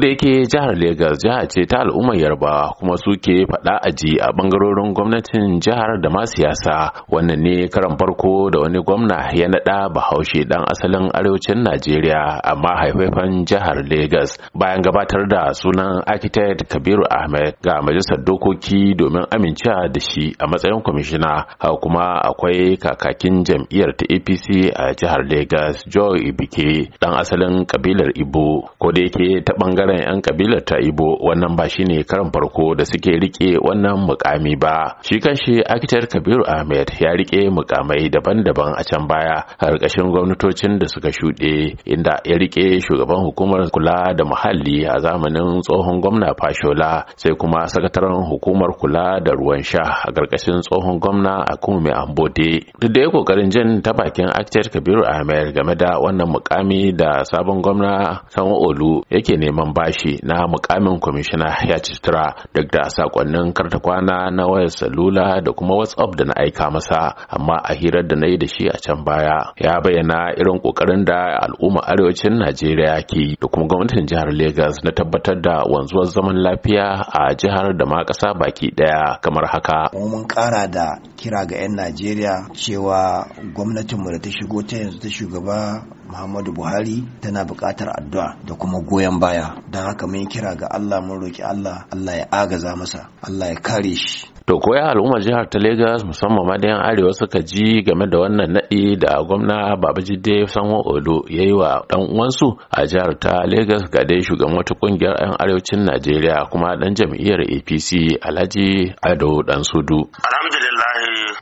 ko yake jihar Legas jiha ce ta al'ummar Yarbawa kuma suke faɗa aji a ɓangarorin gwamnatin jihar da ma siyasa wannan ne karan farko da wani gwamna ya naɗa Bahaushe ɗan asalin arewacin Najeriya amma mahaifafan jihar Legas bayan gabatar da sunan architect Kabiru Ahmed ga majalisar dokoki domin amincewa da shi a matsayin kwamishina haka kuma akwai kakakin jam'iyyar ta APC a jihar Legas Joy Ibike dan asalin kabilar Ibo ko yake ta bangaren bangaren 'yan kabilar ta ibo wannan ba shine karan farko da suke rike wannan mukami ba shi kanshi akitar kabiru ahmed ya rike mukamai daban-daban a can baya karkashin gwamnatocin da suka shuɗe inda ya rike shugaban hukumar kula da muhalli a zamanin tsohon gwamna fashola sai kuma sakataren hukumar kula da ruwan sha a karkashin tsohon gwamna a kuma mai ambode duk da ya kokarin jin ta bakin akitar kabiru ahmed game da wannan mukami da sabon gwamna sanwa olu yake neman bashi na mukamin kwamishina ya citira duk da sakonnin karta kwana na wayar salula da kuma whatsapp da na aika masa amma a hirar da na yi da shi a can baya ya bayyana irin kokarin da al'umma arewacin najeriya ke da kuma gwamnatin jihar lagos na tabbatar da wanzuwar zaman lafiya a jihar da ma ƙasa baki ɗaya kamar haka mun kara da kira ga 'yan najeriya cewa gwamnatinmu da ta shigo ta yanzu ta shugaba muhammadu buhari tana buƙatar addu'a da kuma goyon baya don haka mun kira ga Allah mun roki Allah Allah ya agaza masa Allah ya kare shi to koya al'ummar jihar ta Legas musamman ma yan arewa suka ji game da wannan naɗi da gwamna Babajide Sanwo Odo ya yi wa ɗan uwansu a jihar ta Legas ga dai shugaban wata kungiyar 'yan arewacin Najeriya kuma ɗan jam'iyyar APC Alhaji Ado Dan Sudu. Alhamdulillah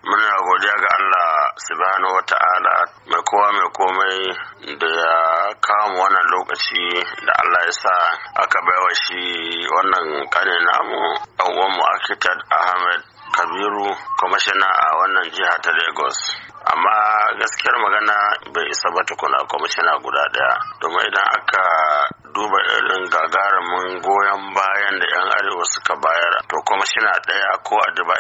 muna godiya ga subhanahu wa ta'ala mai kowa mai komai da ya kawo wannan lokaci da Allah ya sa aka baiwa shi wannan kane namu mu Akitad Ahmed Kabiru kwamishina a wannan jiha ta Lagos. Amma gaskiyar magana bai isa ba tukuna kwamishina guda ɗaya, Domin idan aka duba irin gagarumin goyon bayan cewa suka bayar to kwamishina ɗaya ko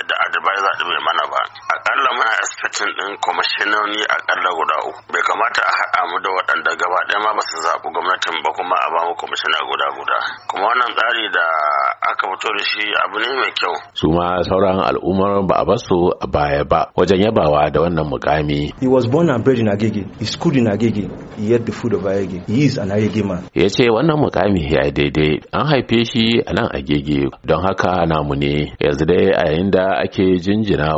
da advisor ɗin bai mana ba akalla muna expecting ɗin kwamishinoni akalla guda uku bai kamata a haɗa mu da waɗanda gaba ɗaya ma ba su zaɓi gwamnatin ba kuma a ba mu kwamishina guda guda kuma wannan tsari da aka fito da shi abu ne mai kyau su ma sauran al'ummar ba a basu a baya ba wajen yabawa da wannan mukami he was born and bred in agege he schooled in agege he had the food of agege he is an agege man ya ce wannan mukami ya daidai an haife shi a nan agege don haka namu ne yanzu dai a yayin da ake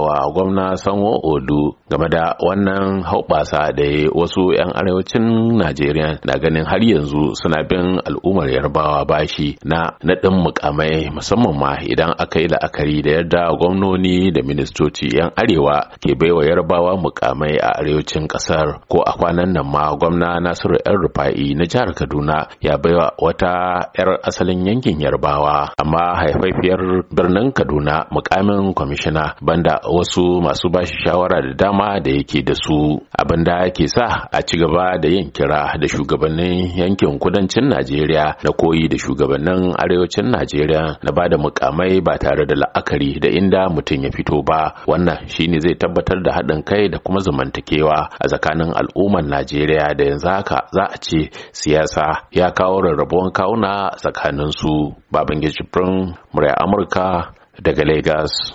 wa gwamna sanwo odu game da wannan haubasa da wasu 'yan arewacin najeriya na ganin har yanzu suna bin al'ummar yarbawa bashi na naɗin mukamai musamman ma idan aka yi la'akari da yadda gwamnoni da ministoci 'yan arewa ke baiwa yarbawa mukamai a arewacin kasar ko a kwanan nan ma gwamna nasiru yan rufa'i na jihar kaduna ya baiwa wata 'yar asalin yankin yarbawa amma haifaifiyar birnin kaduna mukamin kwamishina banda wasu masu bashi shawara da dama da yake da su abin da ke sa a ci gaba da yin kira da shugabannin yankin kudancin najeriya na koyi da shugabannin arewacin najeriya na na bada mukamai ba tare da la'akari da inda mutum ya fito ba wannan shine zai tabbatar da haɗin kai da kuma zamantakewa a tsakanin al'ummar najeriya da yanzu haka za a ce siyasa ya kawo rarrabuwar kawuna tsakanin su babangeji murya amurka daga lagos